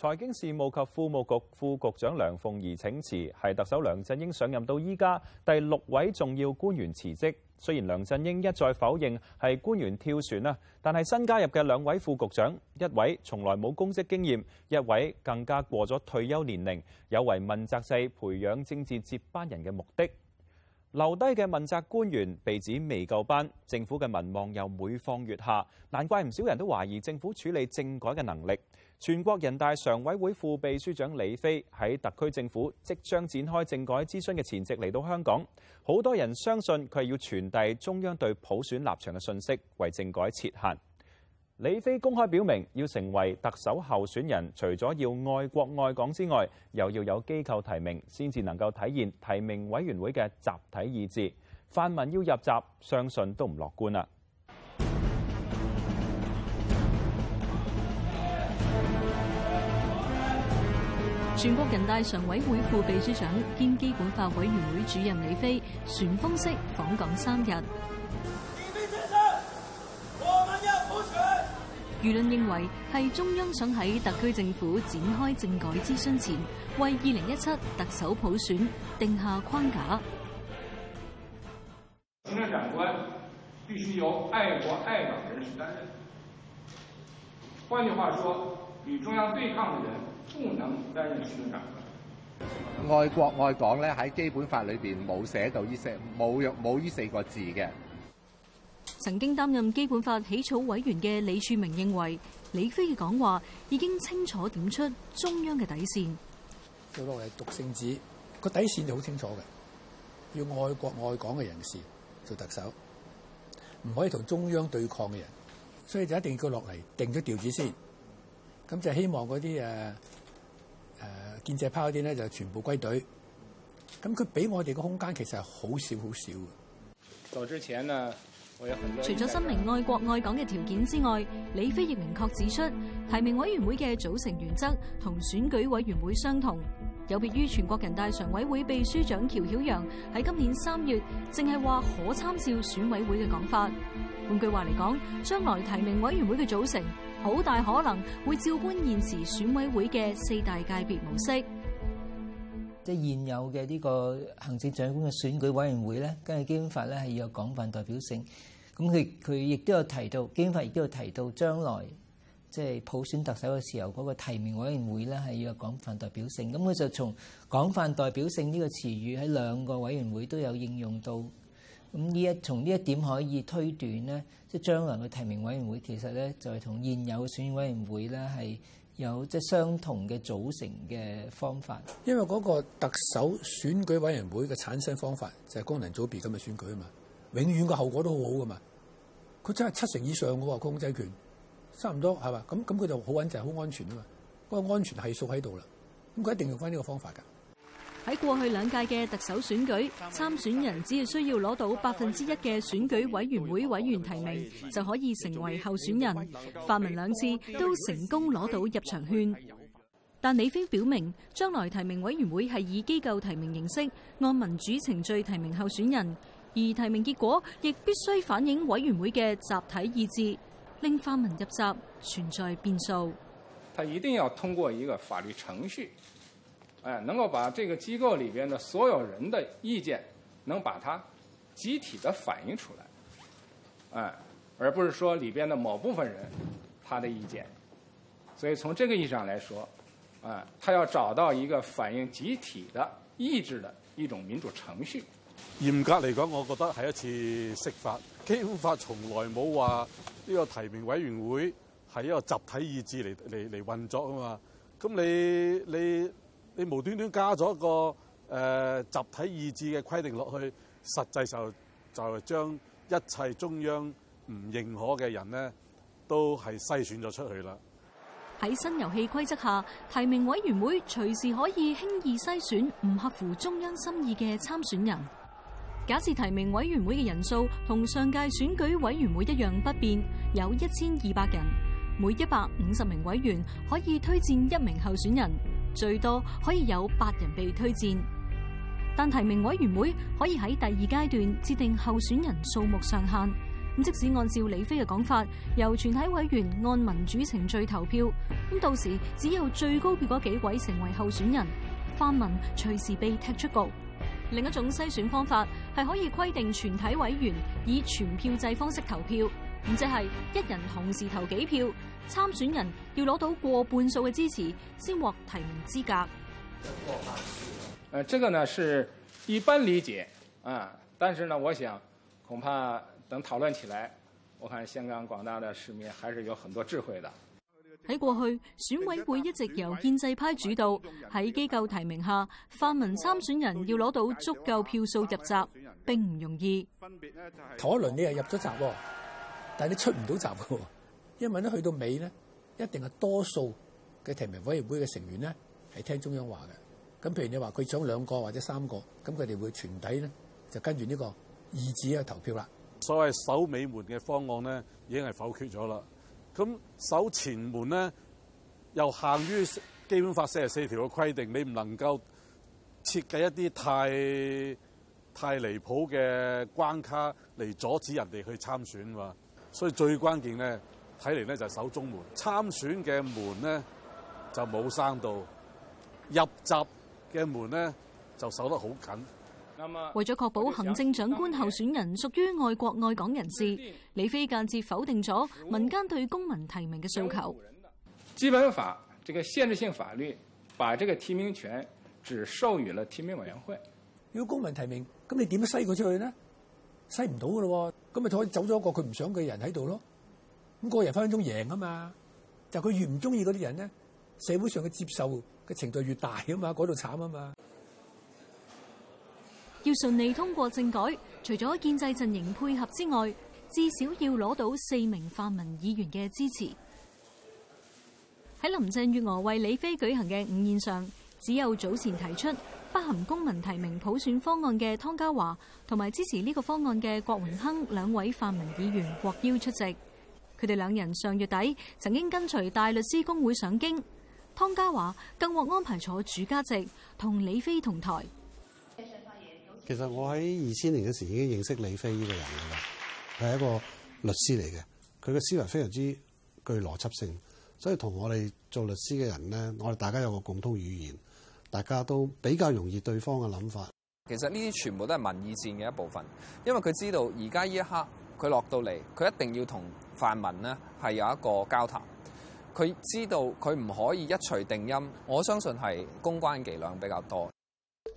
財經事務及庫務局副局長梁鳳儀請辭，係特首梁振英上任到依家第六位重要官員辭職。雖然梁振英一再否認係官員跳船，但係新加入嘅兩位副局長，一位從來冇公職經驗，一位更加過咗退休年齡，有違問責制培養政治接班人嘅目的。留低嘅問責官員被指未夠班，政府嘅民望又每況愈下，難怪唔少人都懷疑政府處理政改嘅能力。全國人大常委會副秘書長李飛喺特區政府即將展開政改諮詢嘅前夕嚟到香港，好多人相信佢係要傳遞中央對普選立場嘅信息，為政改設限。李飛公開表明，要成為特首候選人，除咗要愛國愛港之外，又要有機構提名，先至能夠體現提名委員會嘅集體意志。泛民要入閘，相信都唔樂觀啦。全國人大常委會副秘書長兼基本法委員會主任李飛，旋風式訪港三日。輿論認為係中央想喺特區政府展開政改諮詢前，為二零一七特首普選定下框架。行政長官必須由愛國愛港人士擔任。換句話說，與中央對抗的人不能擔任行政長官。愛國愛港咧喺基本法裏邊冇寫到呢些，冇冇呢四個字嘅。曾經擔任基本法起草委員嘅李柱銘認為，李飛嘅講話已經清楚點出中央嘅底線。落嚟，讀聖旨，個底線就好清楚嘅，要愛國愛港嘅人士做特首，唔可以同中央對抗嘅人，所以就一定要佢落嚟定咗調子先。咁就希望嗰啲誒誒建制派嗰啲咧就全部歸隊。咁佢俾我哋嘅空間其實係好少好少嘅。之前呢除咗申明愛國愛港嘅條件之外，李飛亦明確指出，提名委員會嘅組成原則同選舉委員會相同，有別於全國人大常委會秘書長喬曉陽喺今年三月淨係話可參照選委會嘅講法。換句話嚟講，將來提名委員會嘅組成好大可能會照搬現時選委會嘅四大界別模式。即係現有嘅呢個行政長官嘅選舉委員會咧，根據基本法咧係要有廣泛代表性。咁佢佢亦都有提到，基本法亦都有提到將來即係、就是、普選特首嘅時候，嗰個提名委員會咧係要有廣泛代表性。咁佢就從廣泛代表性呢個詞語喺兩個委員會都有應用到。咁呢一從呢一點可以推斷咧，即係將來嘅提名委員會其實咧就係、是、同現有嘅選委員會咧係。有即係相同嘅組成嘅方法，因為嗰個特首選舉委員會嘅產生方法就係功能組別咁嘅選舉啊嘛，永遠個後果都好好噶嘛，佢真係七成以上嗰個控制權差唔多係嘛，咁咁佢就好穩陣、好安全啊嘛，個安全係數喺度啦，咁佢一定用翻呢個方法㗎。喺過去兩屆嘅特首選舉，參選人只要需要攞到百分之一嘅選舉委員會委員提名，就可以成為候選人。泛民兩次都成功攞到入場券，但李飛表明，將來提名委員會係以機構提名形式，按民主程序提名候選人，而提名結果亦必須反映委員會嘅集體意志，令泛民入閘存在變數。他一定要通過一個法律程序。哎，能夠把這個機構裏邊的所有人的意見，能把它集體地反映出來，哎、啊，而不是說裏邊的某部分人他的意見。所以從這個意義上來說，啊，他要找到一個反映集體的意志的一種民主程序。嚴格嚟講，我覺得係一次釋法。基本法從來冇話呢個提名委員會係一個集體意志嚟嚟嚟運作㗎嘛。咁你你。你你無端端加咗個誒、呃、集體意志嘅規定落去，實際上就係將一切中央唔認可嘅人呢，都係篩選咗出去啦。喺新遊戲規則下，提名委員會隨時可以輕易篩選唔合乎中央心意嘅參選人。假設提名委員會嘅人數同上屆選舉委員會一樣不變，有一千二百人，每一百五十名委員可以推薦一名候選人。最多可以有八人被推薦，但提名委員會可以喺第二階段設定候選人數目上限。即使按照李飛嘅講法，由全體委員按民主程序投票，咁到時只有最高票嗰幾位成為候選人，泛民隨時被踢出局。另一種篩選方法係可以規定全體委員以全票制方式投票，咁即係一人同時投幾票。參選人要攞到過半數嘅支持，先獲提名資格。呃，這個呢是一般理解啊，但是呢，我想恐怕等討論起來，我看香港廣大的市民還是有很多智慧的。喺過去，選委會一直由建制派主導，喺機構提名下，泛民參選人要攞到足夠票數入閘，並唔容易。頭一輪你係入咗閘，但係你出唔到閘嘅。因為咧，去到尾咧，一定係多數嘅提名委員會嘅成員咧係聽中央的話嘅。咁譬如你話佢搶兩個或者三個，咁佢哋會全體咧，就跟住呢個意志去投票啦。所謂守尾門嘅方案咧，已經係否決咗啦。咁守前門咧，又限於基本法四十四條嘅規定，你唔能夠設計一啲太太離譜嘅關卡嚟阻止人哋去參選嘛。所以最關鍵咧。睇嚟咧就守中門參選嘅門呢，就冇生到入閘嘅門呢，就守得好緊。麼為咗確保行政長官候選人屬於愛國愛港人士，李飛間接否定咗民間對公民提名嘅訴求。基本法這個限制性法律，把這個提名權只授予了提名委員會。要公民提名，咁你點樣篩佢出去呢？篩唔到嘅咯，咁咪可以走咗個佢唔想嘅人喺度咯。咁個人分分鐘贏啊嘛，就佢、是、越唔中意嗰啲人呢，社會上嘅接受嘅程度越大啊嘛，嗰度慘啊嘛。要順利通過政改，除咗建制陣營配合之外，至少要攞到四名泛民議員嘅支持。喺林鄭月娥為李飛舉行嘅午宴上，只有早前提出不含公民提名普選方案嘅湯家驊同埋支持呢個方案嘅郭榮鏗兩位泛民議員獲邀出席。佢哋兩人上月底曾經跟隨大律師公會上京，湯家驊更獲安排坐主家席，同李飛同台。其實我喺二千年嘅時候已經認識李飛呢個人㗎啦，係一個律師嚟嘅，佢嘅思維非常之具邏輯性，所以同我哋做律師嘅人咧，我哋大家有個共通語言，大家都比較容易對方嘅諗法。其實呢啲全部都係民意戰嘅一部分，因為佢知道而家呢一刻。佢落到嚟，佢一定要同泛民呢，係有一個交談，佢知道佢唔可以一錘定音，我相信係公關伎倆比較多。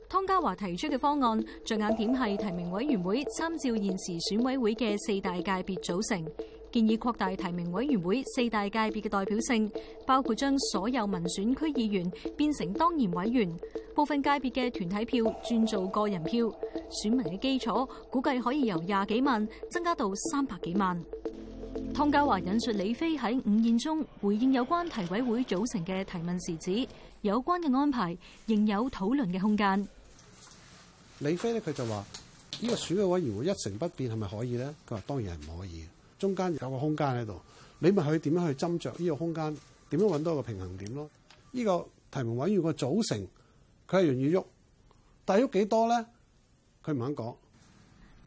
湯家驊提出嘅方案最眼點係提名委員會參照現時選委會嘅四大界別組成，建議擴大提名委員會四大界別嘅代表性，包括將所有民選區議員變成當然委員。部分界別嘅團體票轉做個人票，選民嘅基礎估計可以由廿幾萬增加到三百幾萬。湯家驊引述李飛喺午宴中回應有關提委會組成嘅提問時指，有關嘅安排仍有討論嘅空間。李飛咧，佢就話呢、這個選舉委員會一成不變係咪可以咧？佢話當然係唔可以的，中間有個空間喺度，你咪去點樣去斟酌呢個空間，點樣搵到一個平衡點咯？呢、這個提名委員個組成。佢係願意喐，但係喐幾多咧？佢唔肯講。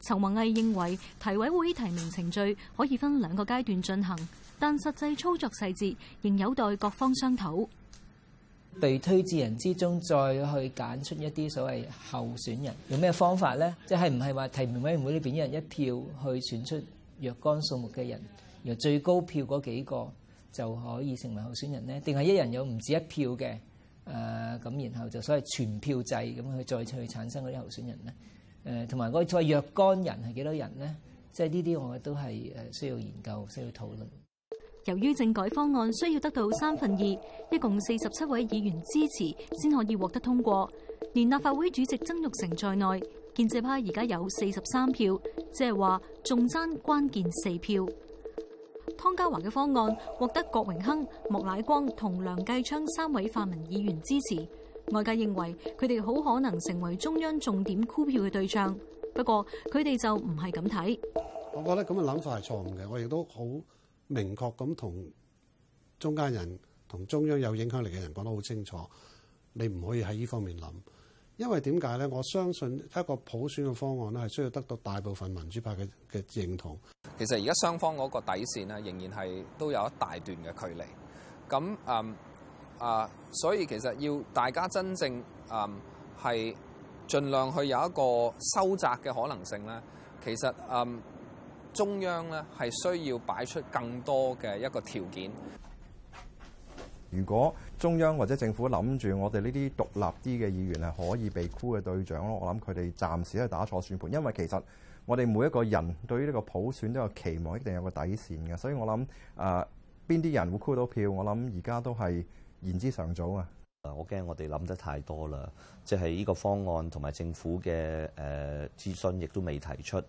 陳文敏認為提委會提名程序可以分兩個階段進行，但實際操作細節仍有待各方商討。被推薦人之中，再去揀出一啲所謂候選人，用咩方法咧？即係唔係話提名委員會呢邊一人一票去選出若干數目嘅人，由最高票嗰幾個就可以成為候選人咧？定係一人有唔止一票嘅？誒咁，然後就所謂全票制咁去再去產生嗰啲候選人咧。誒同埋我再若干人係幾多人呢？即係呢啲我都係誒需要研究，需要討論。由於政改方案需要得到三分二，一共四十七位議員支持，先可以獲得通過。連立法會主席曾鈺成在內，建制派而家有四十三票，即係話仲爭關鍵四票。湯家驊嘅方案獲得郭榮鏗、莫乃光同梁繼昌三位泛民議員支持，外界認為佢哋好可能成為中央重點箍票嘅對象。不過佢哋就唔係咁睇。我覺得咁嘅諗法係錯誤嘅，我亦都好明確咁同中間人、同中央有影響力嘅人講得好清楚，你唔可以喺呢方面諗。因為點解呢？我相信一個普選嘅方案係需要得到大部分民主派嘅嘅認同。其實而家雙方嗰個底線仍然係都有一大段嘅距離。咁、呃、啊、呃，所以其實要大家真正嗯係盡量去有一個收窄嘅可能性。呢其實、呃、中央呢係需要擺出更多嘅一個條件。如果中央或者政府諗住我哋呢啲獨立啲嘅議員係可以被箍嘅對象咯，我諗佢哋暫時係打錯算盤，因為其實，我哋每一個人對於呢個普選都有期望，一定有一個底線嘅，所以我諗啊邊啲人會箍到票，我諗而家都係言之尚早啊。我驚我哋諗得太多啦，即係呢個方案同埋政府嘅誒諮詢亦都未提出。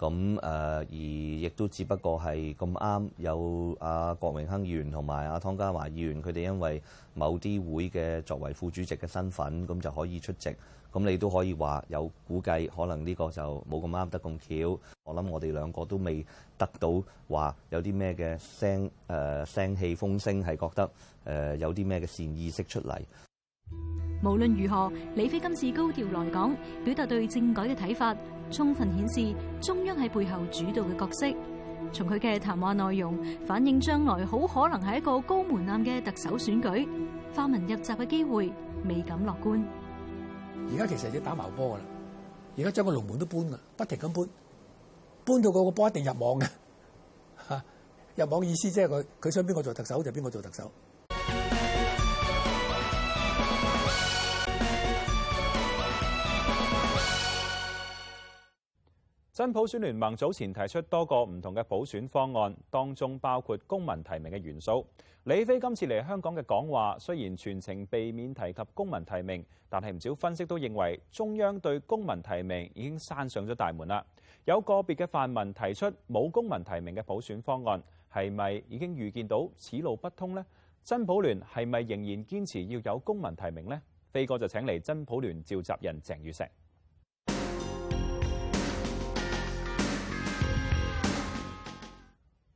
咁誒，而亦都只不過係咁啱有阿郭榮鏗議員同埋阿湯家驊議員，佢哋因為某啲會嘅作為副主席嘅身份，咁就可以出席。咁你都可以話有估計，可能呢個就冇咁啱得咁巧。我諗我哋兩個都未得到話有啲咩嘅聲誒、呃、聲氣風聲，係覺得誒有啲咩嘅善意識出嚟。無論如何，李飛今次高調來港，表達對政改嘅睇法。充分顯示中央喺背後主導嘅角色，從佢嘅談話內容反映，將來好可能係一個高門檻嘅特首選舉，泛民入閘嘅機會未敢樂觀。而家其實要打矛波噶啦，而家將個龍門都搬喇，不停咁搬，搬到個個波一定入網嘅，啊，入網意思即係佢佢想邊個做特首就邊個做特首。真普選聯盟早前提出多個唔同嘅普選方案，當中包括公民提名嘅元素。李飛今次嚟香港嘅講話，雖然全程避免提及公民提名，但係唔少分析都認為中央對公民提名已經閂上咗大門啦。有個別嘅泛民提出冇公民提名嘅普選方案，係咪已經預見到此路不通呢？真普聯係咪仍然堅持要有公民提名呢？飛哥就請嚟真普聯召集人鄭宇碩。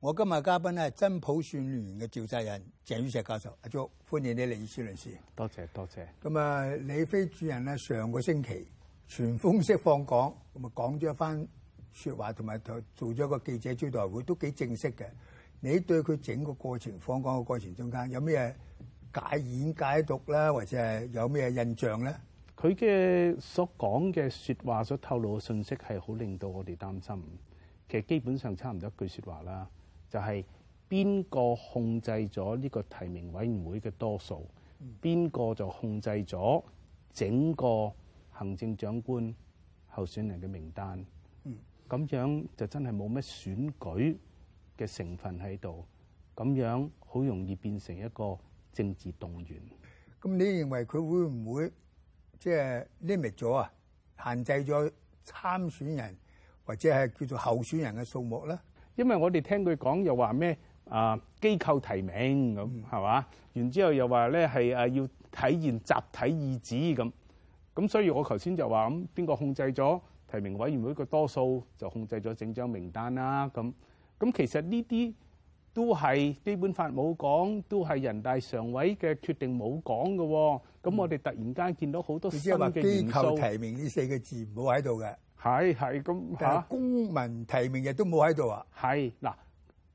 我今日嘅嘉賓咧，係真普選聯嘅召集人鄭宇碩教授，阿叔歡迎你嚟，司倫師。多謝多謝。咁啊，李飛主任咧，上個星期全封式訪港，咁啊講咗一番説話，同埋做咗個記者招待會，都幾正式嘅。你對佢整個過程訪港嘅過程中間有咩解演解讀咧，或者係有咩印象咧？佢嘅所講嘅説話所透露嘅信息係好令到我哋擔心。其實基本上差唔多一句説話啦。就係邊個控制咗呢個提名委員會嘅多數，邊個就控制咗整個行政長官候選人嘅名單。咁樣就真係冇乜選舉嘅成分喺度，咁樣好容易變成一個政治動員。咁你認為佢會唔會即係 limit 咗啊？限制咗參選人或者係叫做候選人嘅數目咧？因為我哋聽佢講又話咩啊，機構提名咁係嘛？然之後又話咧，係要體現集體意志咁，咁所以我頭先就話咁邊個控制咗提名委員會個多數，就控制咗整張名單啦咁。咁其實呢啲都係基本法冇講，都係人大常委嘅決定冇講嘅。咁我哋突然間見到好多新嘅元素。即係話機構提名呢四個字唔好喺度嘅。係係咁嚇，公民提名亦都冇喺度啊！係嗱，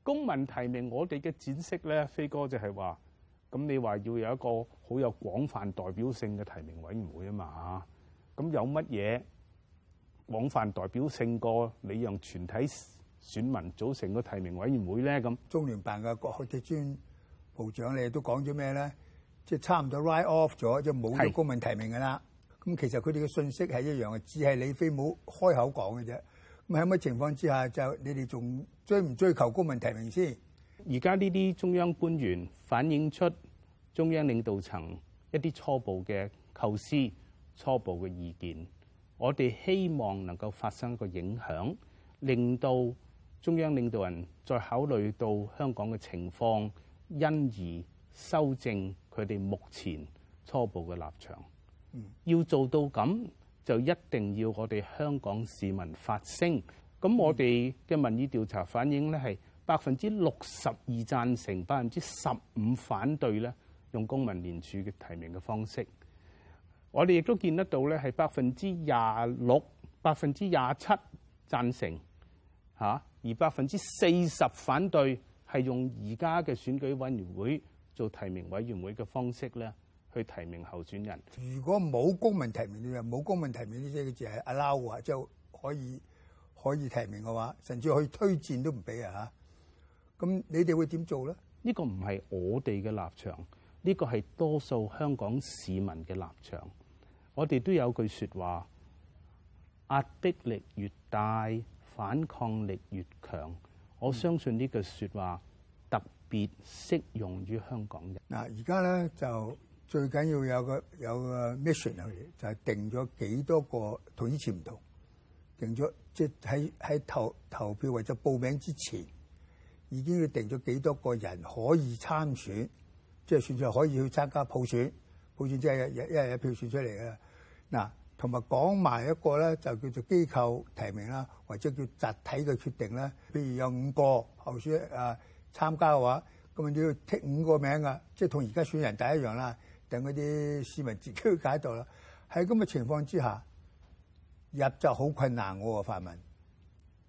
公民提名我哋嘅展示咧，飛哥就係話：咁你話要有一個好有廣泛代表性嘅提名委員會啊嘛嚇！咁有乜嘢廣泛代表性過你讓全體選民組成個提名委員會咧？咁中聯辦嘅國安特專部長你都講咗咩咧？即係差唔多 write off 咗，就冇做公民提名㗎啦。咁其實，佢哋嘅信息係一樣嘅，只係李飛冇開口講嘅啫。咁喺乜情況之下就你哋仲追唔追求公民提名先？而家呢啲中央官員反映出中央領導層一啲初步嘅構思、初步嘅意見，我哋希望能夠發生一個影響，令到中央領導人再考慮到香港嘅情況，因而修正佢哋目前初步嘅立場。要做到咁，就一定要我哋香港市民發聲。咁我哋嘅民意調查反映呢，係百分之六十二贊成，百分之十五反對呢，用公民聯署嘅提名嘅方式。我哋亦都見得到呢，係百分之廿六、百分之廿七贊成嚇，而百分之四十反對係用而家嘅選舉委員會做提名委員會嘅方式呢去提名候選人，如果冇公民提名啲嘅，冇公民提名啲即係叫住係 allow 啊，就可以可以提名嘅話，甚至去推薦都唔俾啊嚇。咁你哋會點做咧？呢個唔係我哋嘅立場，呢個係多數香港市民嘅立場。我哋都有句説話，壓迫力越大，反抗力越強。我相信呢句説話特別適用於香港人嗱。而家咧就。最緊要有個有個 mission，就係定咗幾多個同以前唔同，定咗即係喺喺投投票或者報名之前，已經要定咗幾多個人可以參選，即係選擇可以去參加普選。普選即係一一一,一票選出嚟嘅。嗱、啊，同埋講埋一個咧，就叫做機構提名啦，或者叫做集體嘅決定啦。譬如有五個候選誒參、啊、加嘅話，咁啊你要剔五個名啊，即係同而家選人大一樣啦。等嗰啲市民自己去解讀啦。喺咁嘅情況之下，入就好困難喎，泛民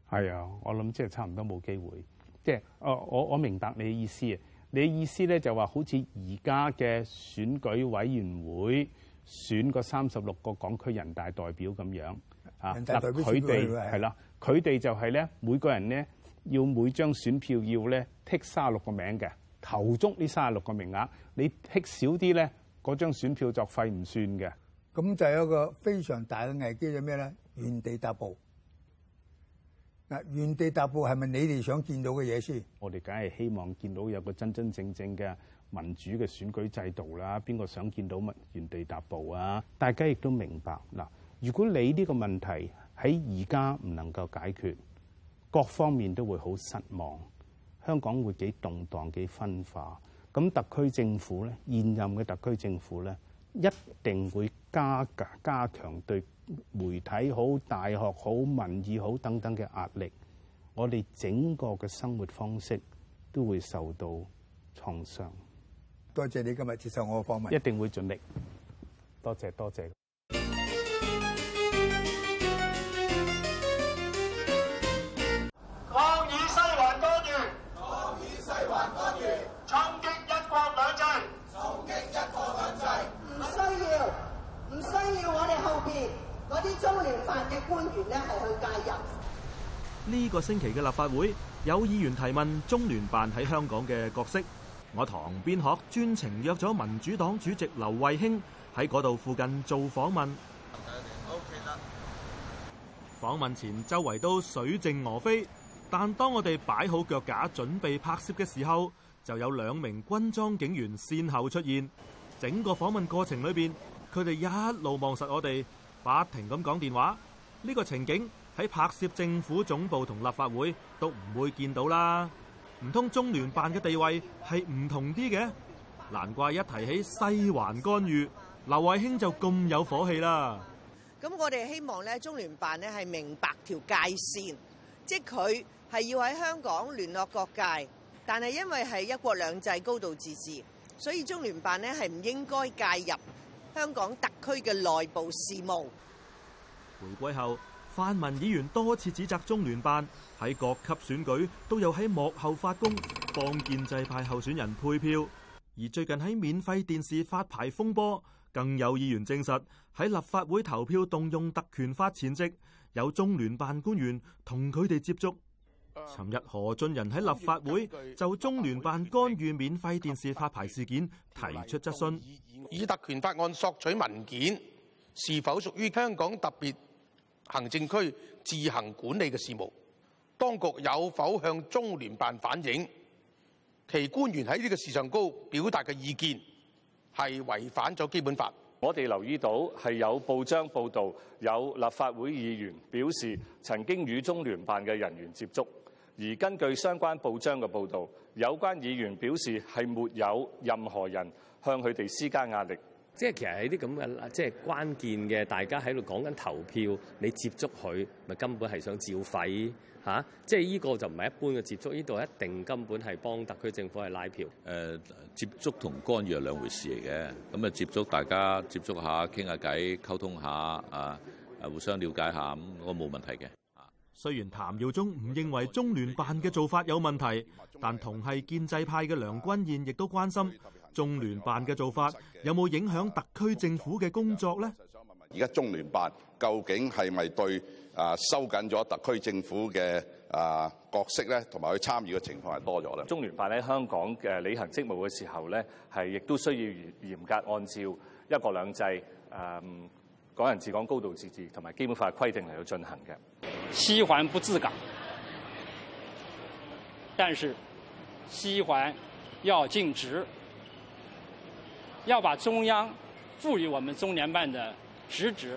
係啊，我諗即係差唔多冇機會。即係我我我明白你嘅意思啊。你嘅意思咧就話好似而家嘅選舉委員會選個三十六個港區人大代表咁樣表啊。佢哋，係啦，佢哋就係咧，每個人咧要每張選票要咧剔卅六個名嘅，投足呢卅六個名額，你剔少啲咧，嗰張選票作廢唔算嘅，咁就有一個非常大嘅危機，就咩咧？原地踏步，嗱，原地踏步係咪你哋想見到嘅嘢先？我哋梗係希望見到有個真真正正嘅民主嘅選舉制度啦，邊個想見到乜原地踏步啊？大家亦都明白，嗱，如果你呢個問題喺而家唔能夠解決，各方面都會好失望，香港會幾動盪、幾分化。咁特區政府咧，現任嘅特區政府咧，一定會加加強對媒體好、大學好、民意好等等嘅壓力。我哋整個嘅生活方式都會受到創傷。多謝你今日接受我嘅訪問，一定會盡力。多謝多謝。啲中聯辦嘅官員咧係去介入呢個星期嘅立法會，有議員提問中聯辦喺香港嘅角色。我堂邊學專程約咗民主黨主席劉慧卿喺嗰度附近做訪問。訪問訪問前周圍都水靜鵝飛，但當我哋擺好腳架準備拍攝嘅時候，就有兩名軍裝警員先後出現。整個訪問過程裏邊，佢哋一路望實我哋。不停咁講電話，呢個情景喺拍攝政府總部同立法會都唔會見到啦。唔通中聯辦嘅地位係唔同啲嘅？難怪一提起西環干預，劉慧卿就咁有火氣啦。咁我哋希望咧，中聯辦咧係明白條界線，即係佢係要喺香港聯絡各界，但係因為係一國兩制高度自治，所以中聯辦咧係唔應該介入香港特區嘅內部事務。回歸後，泛民議員多次指責中聯辦喺各級選舉都有喺幕後發功，幫建制派候選人配票。而最近喺免費電視發牌風波，更有議員證實喺立法會投票動用特權法前夕，有中聯辦官員同佢哋接觸。尋日何俊仁喺立法會就中聯辦干預免費電視發牌事件提出質詢，以特權法案索取文件是否屬於香港特別行政區自行管理嘅事務？當局有否向中聯辦反映其官員喺呢個事上高表達嘅意見係違反咗基本法？我哋留意到係有報章報道，有立法會議員表示曾經與中聯辦嘅人員接觸。而根據相關報章嘅報導，有關議員表示係沒有任何人向佢哋施加壓力。即係其實係啲咁嘅，即係關鍵嘅，大家喺度講緊投票，你接觸佢，咪根本係想照肺吓。即係呢個就唔係一般嘅接觸，呢度一定根本係幫特區政府係拉票。誒，接觸同干預係兩回事嚟嘅。咁啊，接觸大家接觸下傾下偈，溝通下啊，誒互相了解下，咁我冇問題嘅。雖然譚耀宗唔認為中聯辦嘅做法有問題，但同係建制派嘅梁君彥亦都關心，中聯辦嘅做法有冇影響特區政府嘅工作咧？而家中聯辦究竟係咪對啊收緊咗特區政府嘅啊角色咧，同埋佢參與嘅情況係多咗咧？中聯辦喺香港嘅履行職務嘅時候咧，係亦都需要嚴格按照一國兩制、誒港人治港、高度自治同埋基本法嘅規定嚟到進行嘅。西環不治港，但是西環要盡職，要把中央賦予我們中聯辦的職職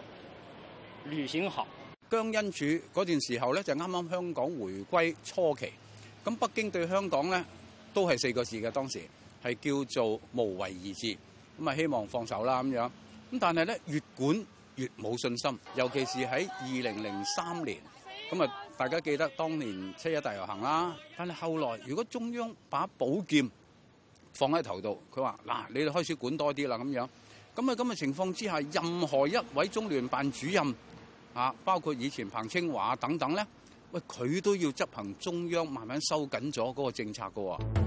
履行好。姜恩柱嗰段時候呢，就啱啱香港回歸初期，咁北京對香港呢，都係四個字嘅，當時係叫做無為而治，咁，啊希望放手啦咁樣。咁但係呢，越管越冇信心，尤其是喺二零零三年。咁啊！大家記得當年七一大遊行啦。但係後來，如果中央把寶劍放喺頭度，佢話嗱，你哋開始管多啲啦咁樣。咁啊，咁嘅情況之下，任何一位中聯辦主任啊，包括以前彭清華等等咧，喂，佢都要執行中央慢慢收緊咗嗰個政策噶喎。